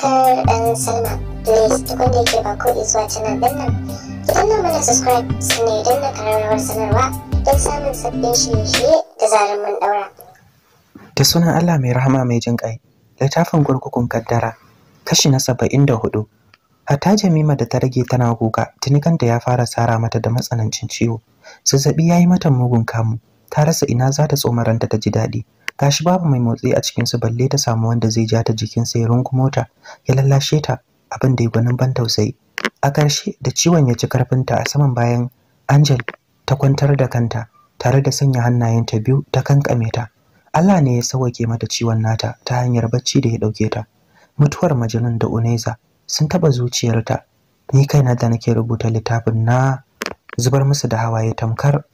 subscribe and sign up. Please tukun da yake ba ko zuwa canal din nan. Ki danna mana subscribe sannan idan na kararrawar sanarwa don samun sabbin shirye-shirye da zarar mun daura. Da sunan Allah mai rahama mai jin ƙai, littafin gurgukun kaddara, kashi na saba'in da hudu. Hatta Jamima da ta rage tana kuka, da ya fara tsara mata da matsanancin ciwo. zazzaɓi ya yi mata mugun kamu, ta rasa ina za ta tsomaranta ta ji daɗi. gashi babu mai motsi a cikin su balle ta samu wanda zai ja ta jikinsa ya mota ya lallashe ta abin da ya gwanin ban tausayi a ƙarshe da ciwon ya ci karfinta a saman bayan angel ta kwantar da kanta tare da sanya hannayen ta biyu ta kankame ta Allah ne ya sauke mata ciwon nata ta hanyar bacci da ya ɗauke ta mutuwar majanun da uneza sun taɓa zuciyarta ni kaina da nake rubuta littafin na zubar musu da hawaye tamkar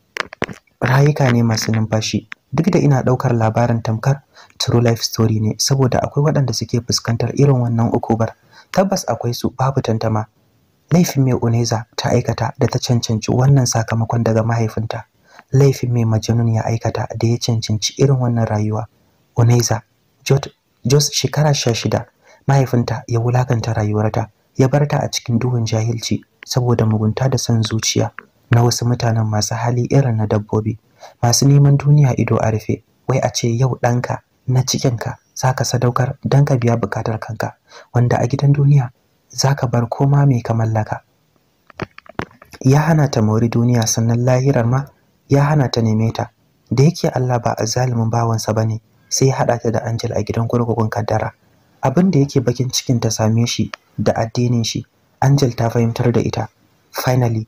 rayuka ne masu numfashi duk da ina ɗaukar labarin tamkar true life story ne saboda akwai waɗanda suke fuskantar irin wannan ukubar tabbas akwai su babu tantama laifin mai uneza ta aikata da ta cancanci wannan sakamakon daga mahaifinta laifin mai majanun ya aikata da ya cancanci irin wannan rayuwa uneza jos shekara sha shida mahaifinta ya wulakanta rayuwarta ya bar ta a cikin duhun jahilci saboda mugunta da son zuciya na wasu mutanen masu hali irin na dabbobi masu neman duniya ido a rufe wai a ce yau ɗanka na cikinka za ka sadaukar don ka biya buƙatar kanka wanda a gidan duniya za ka bar koma mai ka mallaka ya hana ta mori duniya sannan lahirar ma ya hana ta neme ta da yake Allah ba a zalimin bawansa ba ne sai ya haɗa ta da Angel a gidan kurkukun kaddara abin da yake bakin cikin ta same shi da addinin shi Angel ta fahimtar da ita finally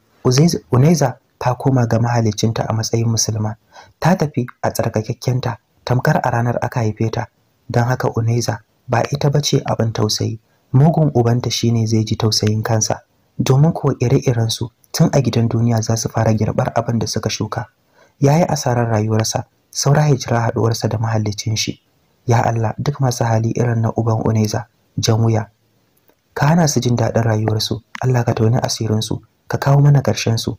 Uneza ta koma ga mahaliccinta a matsayin musulma ta tafi a ta tamkar a ranar aka haife ta don haka Uneza ba ita ba ce abin tausayi mugun ubanta shine zai ji tausayin kansa domin kuwa ire-iren su tun a gidan duniya za su fara girbar abin da suka shuka Ya yi asarar rayuwarsa saura hijira haɗuwarsa da mahallicin shi ya Allah duk masu hali irin na uban Uneza jan wuya ka hana su jin daɗin rayuwarsu Allah ka tauni asirinsu ka kawo mana ƙarshen su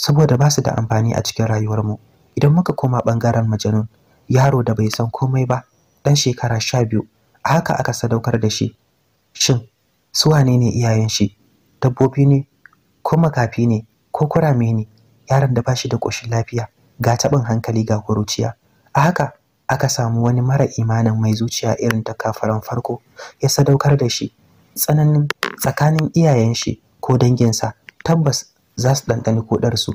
saboda ba su da amfani a cikin rayuwarmu idan muka koma ɓangaren majanun yaro da bai san komai ba ɗan shekara sha biyu a haka aka sadaukar da shi shin su wane ne iyayen shi dabbobi ne ko makafi ne ko kurame ne yaron da ba shi da ƙoshin lafiya ga taɓin hankali ga kuruciya a haka aka samu wani mara imanin mai zuciya irin ta kafaran farko ya sadaukar da shi tsananin tsakanin iyayen shi ko danginsa tabbas za su ɗanɗani koɗarsu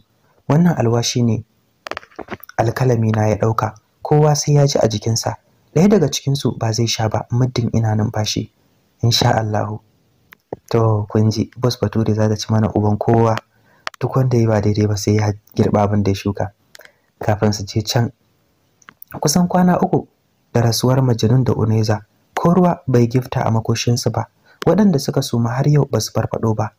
wannan alwashi ne alkalami na ya ɗauka kowa sai ya ji a jikinsa ɗaya daga cikinsu ba zai sha ba muddin ina numfashi insha Allahu to kun ji bus bature za ta ci mana uban kowa duk wanda ya ba daidai ba sai ya girba abin da ya shuka kafin su je can kusan kwana uku da rasuwar majinun da uneza ko ruwa bai gifta a makoshinsu ba waɗanda suka suma har yau ba su farfaɗo ba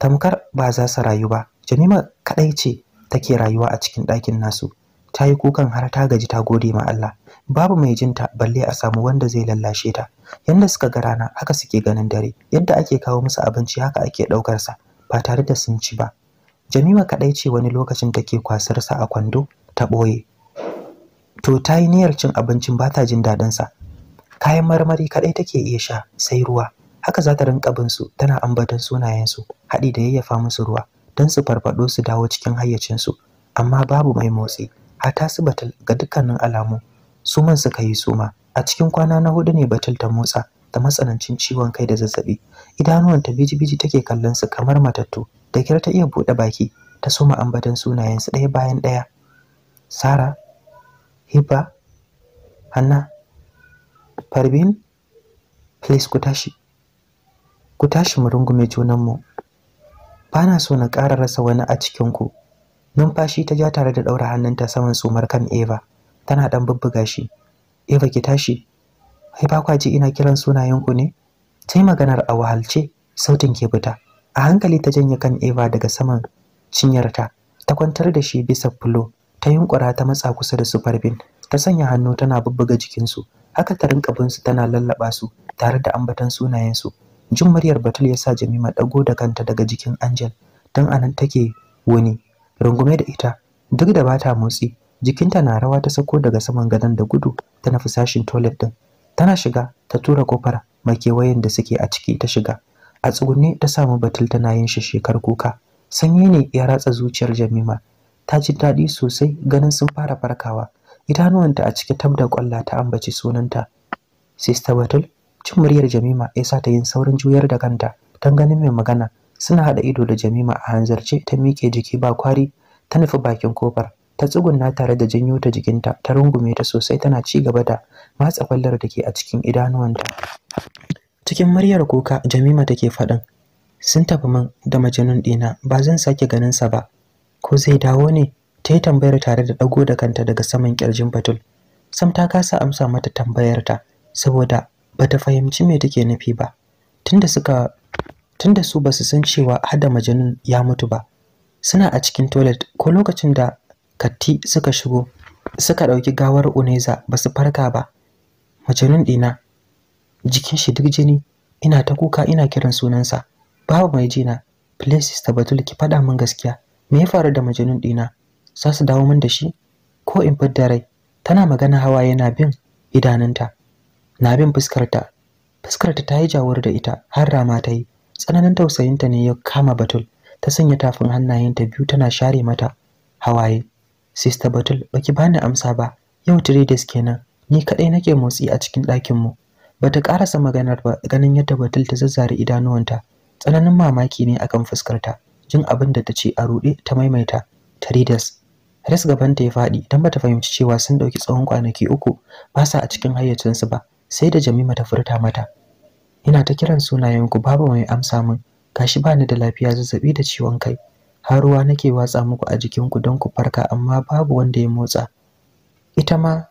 tamkar ba za su rayu ba jamima kadai ce take rayuwa a cikin ɗakin nasu ta yi kukan har ta gaji ta gode ma Allah babu mai jinta balle a samu wanda zai lallashe ta yanda suka ga rana haka suke ganin dare yadda ake kawo musu abinci haka ake ɗaukar sa ba tare da sun ci ba Jamima kadai ce wani lokacin take kwasar sa a kwando ta ɓoye to ta yi niyyar cin abincin ba ta jin daɗin sa kayan marmari kaɗai take iya sha sai ruwa haka za ta rinka bin su tana ambaton su haɗi da yayyafa musu ruwa don su farfado su dawo cikin hayyacinsu amma babu mai motsi har ta su batul ga dukkanin alamu su man suka yi suma a cikin kwana na hudu ne batul ta motsa ta matsanancin ciwon kai da zazzabi idanuwan ta biji-biji take kallon su kamar matattu da kyar ta iya buɗe baki ta soma ambaton su ɗaya bayan ɗaya sara hiba hanna farbin please ku tashi ku tashi mu rungume junanmu ba na so na ƙara rasa wani a cikinku numfashi ta ja tare da ɗaura hannunta saman sumar kan eva tana ɗan bubbuga shi eva ki tashi ai ba kwa ina kiran sunayenku ne yi maganar a wahalce sautin ke fita a hankali ta janye kan eva daga saman cinyarta ta kwantar da shi bisa fulo ta yunkura ta matsa kusa da su ta sanya hannu tana bubbuga jikinsu haka ta rinka bin su tana lallaba su tare da ambatan sunayensu jin muryar batul ya sa jamima ɗago da kanta daga jikin angel dan anan take wuni rungume da ita duk da bata motsi jikinta na rawa ta sako daga saman gadon da gudu ta nufi sashin toilet din tana shiga ta tura kofar makewayen da suke a ciki ta shiga a tsugunne ta samu batul tana yin shi shekar kuka sanyi ne ya ratsa zuciyar jamima ta ji daɗi sosai ganin sun fara farkawa idanuwanta a cike tabda kwalla ta ambaci sunanta sister batul Cin muryar Jamima ya sa ta yin saurin juyar da kanta don ganin mai magana suna haɗa ido da Jamima a hanzarce ta miƙe jiki ba kwari ta nufi bakin kofar ta tsugunna tare da janyo ta jikinta ta rungume ta sosai tana ci gaba da matsa kwallar da ke a cikin idanuwanta cikin muryar kuka Jamima take faɗin sun tafi min da majanun ɗina ba zan sake ganin sa ba ko zai dawo ne ta yi tambayar tare da dago da kanta daga saman ƙirjin Batul sam ta kasa amsa mata tambayarta saboda bata fahimci me take nufi ba tunda suka tunda su basu san cewa hada majanun ya mutu ba suna a cikin toilet ko lokacin da katti suka shigo suka dauki gawar uneza basu farka ba majanun dina jikin shi duk jini ina ta kuka ina kiran sunansa babu mai jina please sister batul ki faɗa min gaskiya me ya faru da majanun dina za su dawo min da shi ko in fidda rai tana magana hawa yana bin idanunta na bin fuskarta fuskarta ta yi jawar da ita har rama ta yi tsananin tausayinta ne ya kama batul ta sanya tafin hannayenta biyu tana share mata hawaye sista batul baki bani amsa ba yau three kenan ni kadai nake motsi a cikin ɗakin mu bata karasa maganar ba ganin yadda batul ta zazzare idanuwanta tsananin mamaki ne akan fuskarta jin abin da ta ce a ruɗe ta maimaita three ris gaban ta ya faɗi don bata fahimci cewa sun ɗauki tsawon kwanaki uku ba sa a cikin hayyacinsu ba sai da Jamima ta furta mata ina ta kiran sunayen ku babu mai amsa min gashi bani da lafiya zazzabi da ciwon kai har ruwa nake watsa muku a jikinku don ku farka amma babu wanda ya motsa ita ma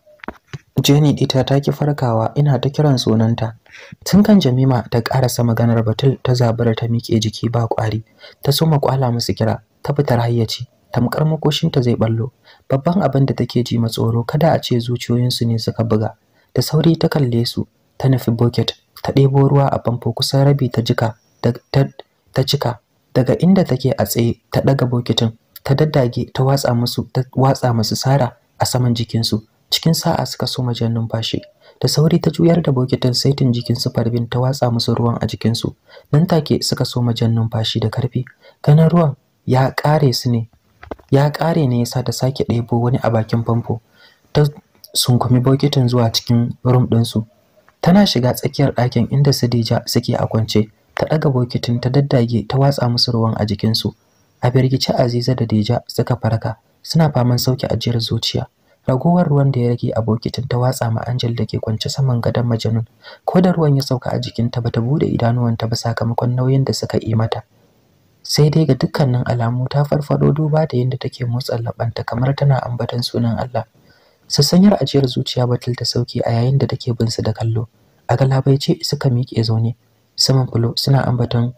Jenny ita ta ki farkawa ina ta kiran sunanta tun kan Jamima ta karasa maganar batul ta zabura ta miƙe jiki ba ƙwari ta soma kwala musu kira ta fitar hayyaci tamkar makoshinta zai ballo babban abin da take ji tsoro, kada a ce zuciyoyinsu ne suka buga da sauri ta kalle su ta nufi bucket ta ɗebo ruwa a famfo kusan rabi ta jika ta cika daga inda take a tsaye ta ɗaga bokitin ta daddage ta watsa musu ta watsa musu sara a saman jikinsu cikin sa'a suka so jan numfashi da sauri ta juyar da bokitin saitin jikin su farbin ta watsa musu ruwan a jikinsu nan take suka so jan numfashi da karfi ganin ruwan ya ƙare su ne ya ƙare ne yasa ta sake ɗebo wani a bakin famfo Sun kumi bokitin zuwa cikin rum ɗinsu tana shiga tsakiyar ɗakin inda Sadija suke a kwance ta ɗaga bokitin ta daddage ta watsa musu ruwan a jikinsu a birgice Aziza da Deja suka farka suna faman sauke ajiyar zuciya ragowar ruwan da ya rage a bokitin ta watsa ma Angel da ke kwance saman gadon Majanun ko da ruwan ya sauka a jikinta bata bude idanuwanta ba sakamakon nauyin da suka yi mata sai dai ga dukkanin alamu ta farfado duba da yadda take motsa labanta kamar tana ambaton sunan Allah sassanyar ajiyar zuciya batul ta sauke a yayin da take bin su da kallo a galabaice suka miƙe zaune saman fulo suna ambaton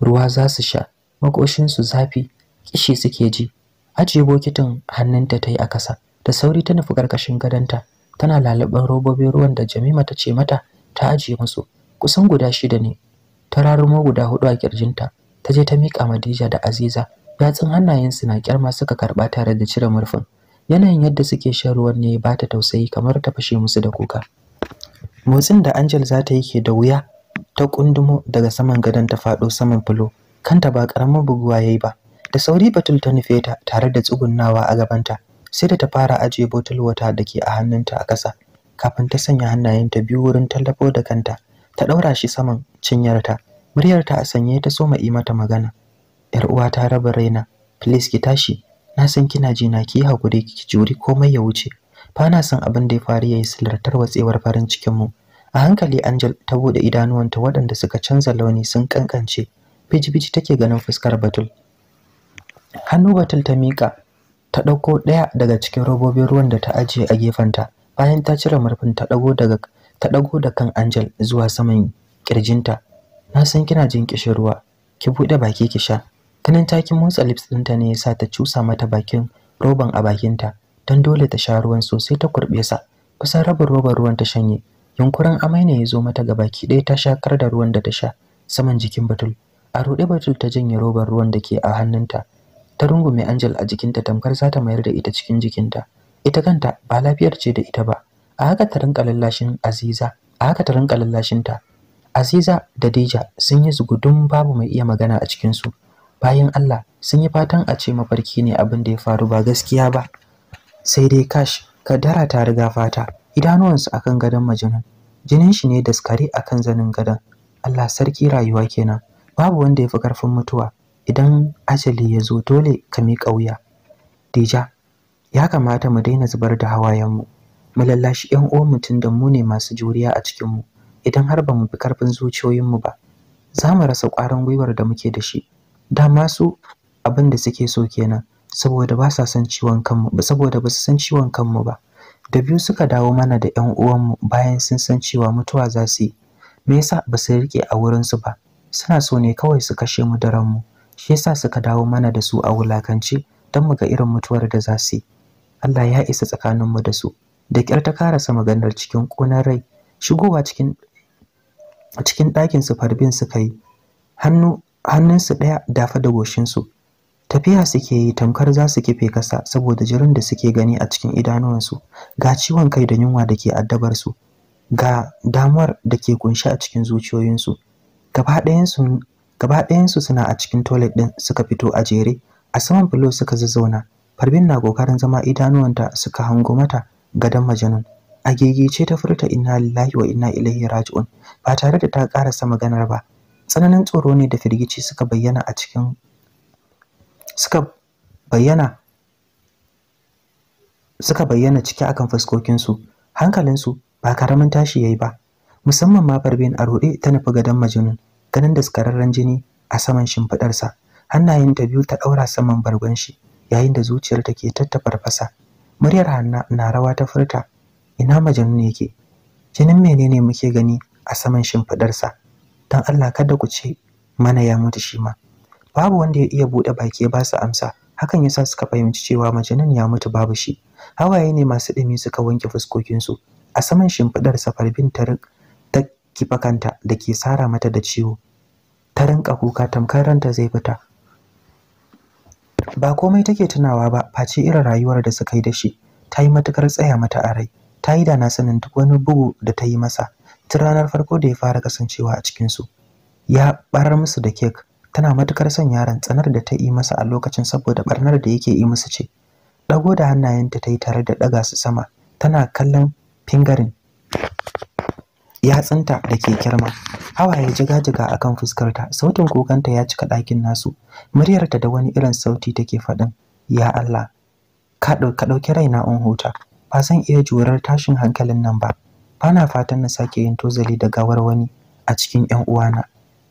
ruwa za su sha makoshin su zafi kishi suke ji ajiye bokitin hannunta ta yi a ƙasa da sauri ta nufi ƙarƙashin gadonta tana lalaban robobin ruwan da Jamima ta ce mata ta ajiye musu kusan guda shida ne ta rarumo guda hudu a kirjinta ta je ta miƙa Madija da Aziza yatsun hannayensu na kyarma suka karɓa tare da cire murfin yanayin yadda suke shan ruwan ne ba ta tausayi kamar ta fashe musu da kuka motsin da angel za ta yi ke da wuya ta kundumo daga saman gadon ta faɗo saman filo, kanta ba ƙaramar buguwa ya yi ba da sauri batul ta nufe ta tare da tsugunnawa a gabanta sai da ta fara ajiye botul wata da ke a hannunta a ƙasa kafin ta sanya hannayen ta biyu wurin tallafo da kanta ta ɗaura shi saman cinyarta muryarta a sanye ta soma yi mata magana yar uwa ta raba raina please ki tashi na san kina ji na ki hakuri ki juri komai ya wuce fa na san abin da ya faru yi silartar watsewar farin cikin mu a hankali Angel ta bude idanuwanta waɗanda suka canza launi sun kankance fiji-fiji take ganin fuskar Batul hannu Batul ta mika ta dauko daya daga cikin robobin ruwan da ta ajiye a gefen ta, bayan ta cire murfin ta dago daga ta dago da kan Angel zuwa saman kirjinta na san kina jin kishin ruwa ki bude baki ki sha Ganin takin motsa lips ɗinta ne ya sa ta cusa mata bakin roban a bakinta don dole ta sha ruwan sosai ta kurɓe sa. Kusan rabin roban ruwan ta shanye. Yunkurin amai ne ya zo mata ga baki ɗaya ta shakar da ruwan da ta sha saman jikin Batul. A ruɗe Batul ta janye roban ruwan da ke a hannunta. Ta rungume Angel a jikinta tamkar za ta mayar da ita cikin jikinta. Ita kanta ba lafiyar ce da ita ba. A haka ta rinka lallashin Aziza, a haka ta rinka lallashin Aziza da Dija sun yi zugudun babu mai iya magana a cikinsu. su. bayan Allah sun yi fatan a ce mafarki ne abin da ya faru ba gaskiya ba sai dai kash kadara ta riga fata idanuwansu akan gadon majinin, jinin shi ne daskare akan zanin gadon Allah sarki rayuwa kenan babu wanda ya fi karfin mutuwa idan ajali ya zo dole ka miƙa wuya Dija ya kamata mu daina zubar da hawayenmu mu lallashi ƴan uwan mutum da mu ne masu juriya a cikinmu idan har ba mu fi karfin zuciyoyinmu ba za mu rasa ƙwarin gwiwar da muke da shi dama su abin da suke so kenan saboda ba sa san ciwon kanmu saboda ba su san ciwon kanmu ba da biyu suka dawo mana da ƴan uwanmu bayan sun san cewa mutuwa za su yi me yasa ba su rike a wurin su ba suna so ne kawai su kashe mu da ranmu shi yasa suka dawo mana da su a wulakance don mu ga irin mutuwar da za su yi Allah ya isa tsakanin mu da su da ƙyar ta karasa maganar cikin ƙunar rai shigowa cikin cikin ɗakin su farbin suka yi hannu hannunsu ɗaya dafa da goshinsu tafiya suke yi tamkar za su kife kasa saboda jirin da suke gani a cikin idanuwansu ga ciwon kai da yunwa da ke addabarsu ga damar da ke kunshi a cikin zuciyoyinsu gaba ɗayansu suna a cikin toilet ɗin suka fito a jere a saman filo suka zazzauna farbin na kokarin zama idanuwanta suka hango mata gadon majanun a gegice ta furta inna lillahi wa inna ilaihi raji'un ba tare da ta karasa maganar ba tsananin tsoro ne da firgici suka bayyana a cikin suka bayyana suka bayyana ciki akan fuskokinsu hankalinsu ba karamin tashi yayi ba musamman ma farbin a ruɗe ta nufi gadon majanun. ganin daskararren jini a saman shimfiɗarsa ta biyu ta ɗaura saman bargon shi yayin da zuciyar ta ke tattafar muryar hanna na rawa ta furta ina majinun yake jinin menene muke gani a saman shimfiɗarsa don Allah kada ku ce mana ya mutu shi ma babu wanda ya iya buɗe baki ya ba su amsa hakan yasa suka fahimci cewa majanun ya mutu babu shi hawaye ne masu ɗimi suka wanke fuskokin su a saman shimfiɗar safarbin ta ta kifakanta da ke sara mata da ciwo ta rinka kuka tamkar ranta zai fita ba komai take tunawa ba face irin rayuwar da suka yi da shi ta yi matukar tsaya mata a rai ta yi da na sanin duk wani bugu da ta yi masa tun ranar farko da ya fara kasancewa a cikinsu ya barar musu da kek tana matukar son yaron tsanar da ta yi masa a lokacin saboda barnar da yake yi musu ce dago da hannayenta ta yi tare da daga su sama tana kallon fingarin yatsunta da ke kirma hawaye jiga-jiga a kan fuskarta sautin kukanta ya cika ɗakin nasu muryarta da wani irin sauti take faɗin ya Allah ka ɗauki raina in huta ba zan iya jurar tashin hankalin nan ba Bana fatan na sake yin tozali da gawar wani a cikin ƴan uwana.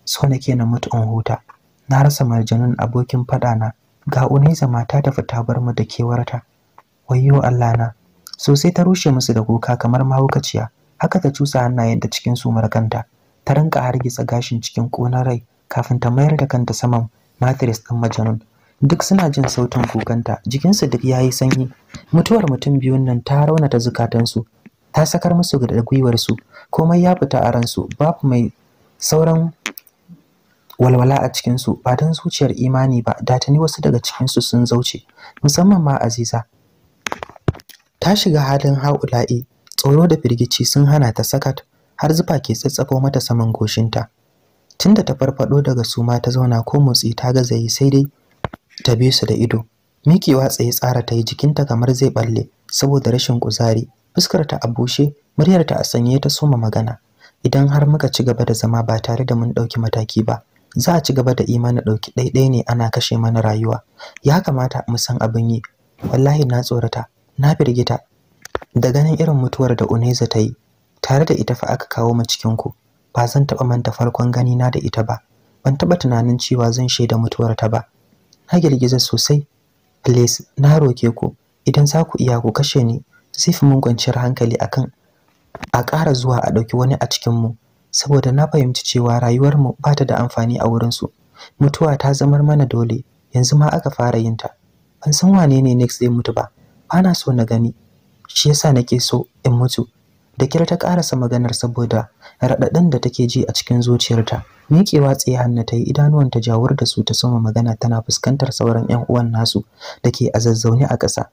So nake na mutu in huta. Na rasa marjanin abokin faɗa na. Ga Uneza mata ta fita bar mu da kewarta. Wayyo Allah na. Sosai ta rushe musu da kuka kamar mahaukaciya. Haka ta cusa hannayen da cikin su markanta Ta rinka hargitsa gashin cikin ƙonar rai kafin ta mayar da kanta saman matires ɗin majanun. duk suna jin sautin kukanta jikinsu duk yayi sanyi mutuwar mutum biyun nan ta raunata zukatansu ta sakar musu da gwiwarsu komai ya fita a ransu babu mai sauran walwala a cikinsu ba don zuciyar imani ba da tuni wasu daga cikinsu sun zauce musamman ma aziza ta shiga halin ha'ula'i tsoro da firgici sun hana ta sakat har zufa ke tsatsafo mata saman goshinta tunda ta farfado daga suma ta zauna ko motsi ta gaza yi sai dai ta bi su da ido mikewa tsaye tsara ta yi jikinta kamar zai balle saboda rashin kuzari fuskarta a bushe muryarta a sanye ta soma magana idan har muka ci gaba da zama ba tare da mun ɗauki mataki ba za a ci gaba da imani ɗauki ɗaiɗai ne ana kashe mana rayuwa ya kamata mu san abin yi wallahi na tsorata na firgita da ganin irin mutuwar da uneza ta yi tare da ita fa aka kawo mu cikin ku ba zan taɓa manta farkon gani na da ita ba ban taɓa tunanin cewa zan shaida mutuwar ta ba na girgiza sosai please na roke ku idan za ku iya ku kashe ni zai fi mun kwanciyar hankali akan a ƙara zuwa a ɗauki wani a cikin mu saboda na fahimci cewa rayuwar mu ba ta da amfani a wurin su mutuwa ta zamar mana dole yanzu ma aka fara yin ta ban san wane ne next zai mutu ba bana so na gani shi yasa nake so in mutu da kira ta karasa maganar saboda raɗaɗin da take ji a cikin zuciyarta miƙewa tsaye hannu ta yi idanuwanta jawur da su ta soma magana tana fuskantar sauran 'yan uwan nasu da ke a zazzaune a ƙasa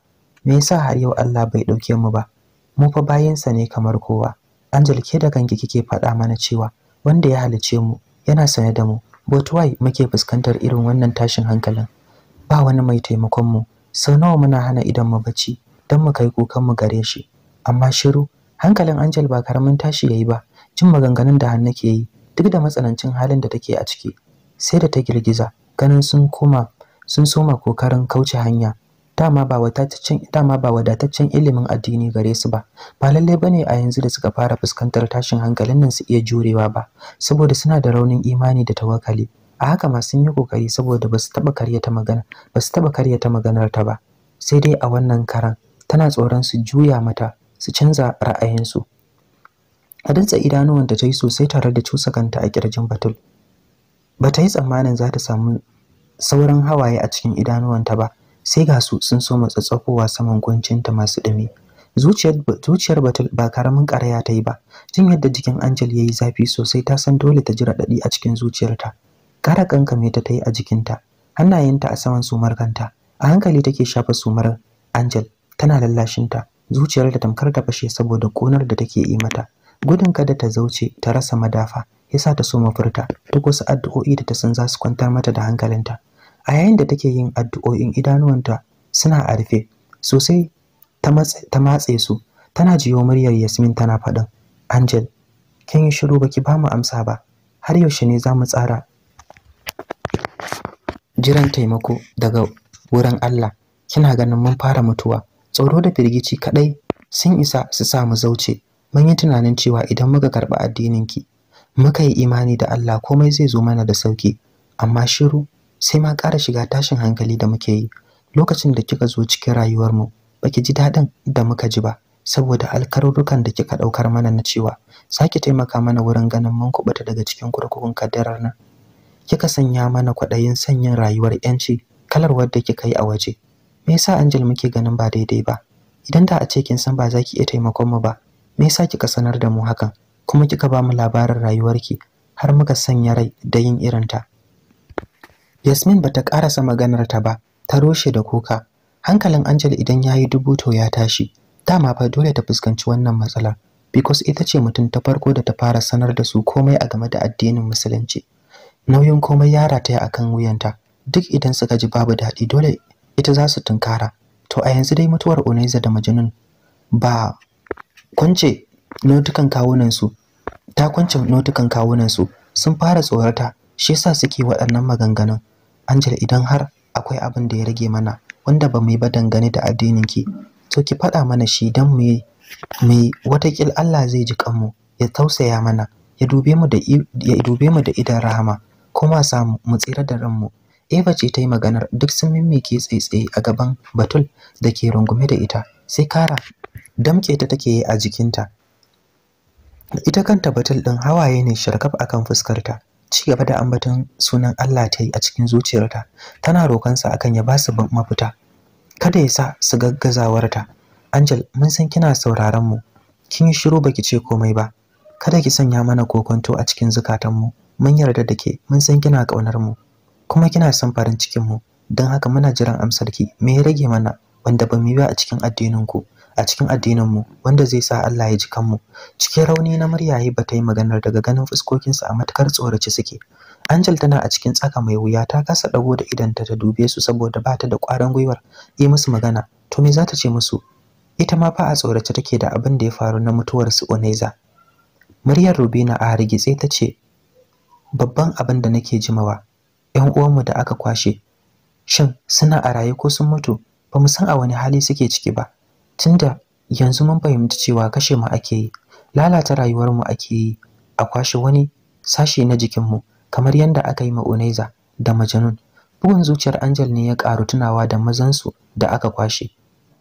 me yasa har yau Allah bai dauke mu ba mu fa bayansa ne kamar kowa Angel ke da ganke kike faɗa mana cewa wanda ya halice mu yana sane da mu but why muke fuskantar irin wannan tashin hankalin ba wani mai taimakon mu sau nawa muna hana idan mu bacci dan mu kai kukan mu gare shi amma shiru hankalin Angel ba karamin tashi yayi ba jin maganganun da hannu ke yi duk da matsanancin halin da take a ciki sai da ta girgiza ganin sun koma sun soma kokarin kauce hanya dama ba wadataccen dama ba wadataccen ilimin addini gare su ba ba lalle bane a yanzu da suka fara fuskantar tashin hankalin nan su iya jurewa ba saboda suna da raunin imani da tawakkali a haka ma sun yi kokari saboda ba su taba karyata magana ba su taba karyata maganar ta ba sai dai a wannan karan tana tsoron su juya mata su canza ra'ayinsu a dantsa idanuwanta ta yi sosai tare da cusakanta a kirjin batul ba ta yi tsammanin za ta samu sauran hawaye a cikin idanuwanta ba sai ga su sun so matsatsafowa saman kuncinta masu ɗumi zuciyar batul ba karamin karaya ta yi ba jin yadda jikin angel ya yi zafi sosai ta san dole ta ji raɗaɗi a cikin zuciyarta Kara kankame ta ta yi a jikinta hannayenta a saman sumar kanta a hankali take shafa sumar angel tana lallashinta zuciyar da tamkar ta fashe saboda ƙonar da take yi mata gudun kada ta zauce ta rasa madafa yasa ta so mafurta duk wasu addu'o'i da ta san za su kwantar mata da hankalinta a yayin da take yin addu'o'in idanuwanta suna a rufe sosai ta matse su tana jiyo muryar Yasmin tana faɗin Angel kin yi shiru baki ba mu amsa ba har yaushe ne za mu tsara jiran taimako daga wurin Allah kina ganin mun fara mutuwa tsoro da firgici kaɗai sun isa su sa mu zauce mun yi tunanin cewa idan muka karɓi addininki muka yi imani da Allah komai zai zo mana da sauki amma shiru sai ma ƙara shiga tashin hankali da muke yi lokacin da kika zo cikin rayuwarmu baki ji daɗin da muka ji ba saboda alkarurrukan da kika ɗaukar mana na cewa sake taimaka mana wurin ganin mun kubuta daga cikin kurkukun kaddarar nan kika sanya mana kwaɗayin sanyin rayuwar yanci kalar wadda kika yi a waje me yasa Angel muke ganin ba daidai ba idan da a ce kin san ba za ki iya taimakon mu ba me yasa kika sanar da mu hakan kuma kika ba mu labarin rayuwarki har muka sanya rai da yin irinta Yasmin bata karasa maganar ta ba, ta roshe da kuka. Hankalin Angel idan yayi to ya tashi. Dama fa dole ta fuskanci wannan matsalar because ita ce mutum ta farko da ta fara sanar da su komai a game da addinin musulunci. Nauyin komai ya rataya akan wuyanta. Duk idan suka ji babu daɗi dole ita za su tunkara. To a yanzu dai mutuwar Unaiza da Majnun ba kwance notukan kawunan su ta kwance notukan kawunan su sun fara tsorata shi yasa suke waɗannan maganganun Angel idan har akwai abin da ya rage mana wanda ba mu yi ba dangane da addinin ki to ki faɗa mana shi don mu yi mu watakil Allah zai ji kanmu ya tausaya mana ya dube mu da ya dube mu da idan rahama kuma samu mu tsira da ranmu Eva ce ta yi maganar duk sun mimmike tsaitsaye a gaban Batul da ke rungume da ita sai Kara damke ta take yi a jikinta ita kanta Batul din hawaye ne sharkaf akan fuskarta ci gaba da ambaton sunan Allah ta yi a cikin zuciyarta tana roƙonsa akan ya ba su mafita kada ya sa su gaggazawarta Angel mun san kina sauraron mu kin shiru baki ce komai ba kada ki sanya mana kokonto a cikin zukatan mu mun yarda da ke mun san kina ƙaunar mu kuma kina son farin cikin mu don haka muna jiran amsar ki me ya rage mana wanda ba mu yi a cikin addinin ku a cikin addininmu wanda zai sa Allah ya ji kanmu cikin rauni na murya ba ta yi maganar daga ganin fuskokinsu a matukar tsorace suke Angel tana a cikin tsaka mai wuya ta kasa dago da idanta ta dube su saboda ba ta da ƙwarin gwiwar yi musu magana to me za ta ce musu ita ma fa a tsorace take da abin da ya faru na mutuwar su Oneza Muryar Rubina a hargitse ta ce babban abin da nake jimawa 'yan uwanmu da aka kwashe shin suna a raye ko sun mutu ba mu san a wani hali suke ciki ba tunda yanzu mun fahimci cewa kashe mu ake yi lalata rayuwar mu ake yi a kwashe wani sashi na jikin mu kamar yadda aka yi ma oneza da majanun. bugun zuciyar Angel ne ya karu tunawa da mazansu da aka kwashe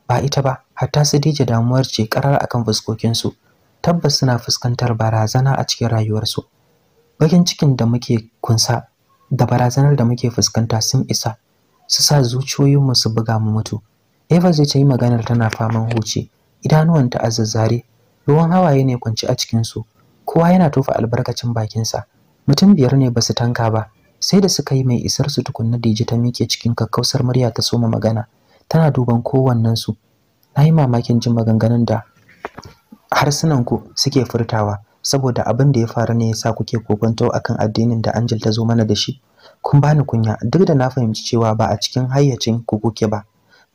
ba ita ba hatta su dije damuwar ce karar akan fuskokin su tabbas suna fuskantar barazana a cikin rayuwarsu bakin cikin da muke kunsa da barazanar da muke fuskanta sun isa su sa mu su buga mu mutu Eva zai ta yi maganar tana faman huce, idanuwanta a zazzare, ruwan hawaye ne kwanci a cikinsu, kowa yana tofa albarkacin bakinsa. Mutum biyar ne basu tanka ba, sai da suka yi mai isar su tukunna Dije ta miƙe cikin kakkausar murya ta soma magana, tana duban kowannensu. Na yi mamakin jin maganganun da ku suke furtawa, saboda abin da ya faru ne yasa kuke kokonto akan addinin da Angel ta zo mana da shi. Kun bani kunya duk da na fahimci cewa ba a cikin hayyacin ku kuke ba.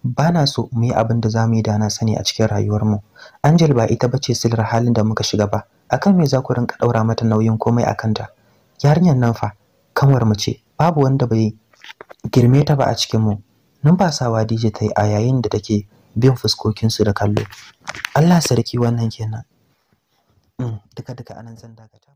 ba na so mu yi abin da za mu yi da na sani a cikin rayuwarmu angel ba ita ba ce silar halin da muka shiga ba akan me za ku rinka ɗaura mata nauyin komai a kanta yarinyar nan fa kanwar mu ce babu wanda bai girme ta ba a cikin mu numfasawa DJ ta yi a yayin da take bin fuskokinsu da kallo Allah sarki wannan kenan mm, duka duka anan zan dakata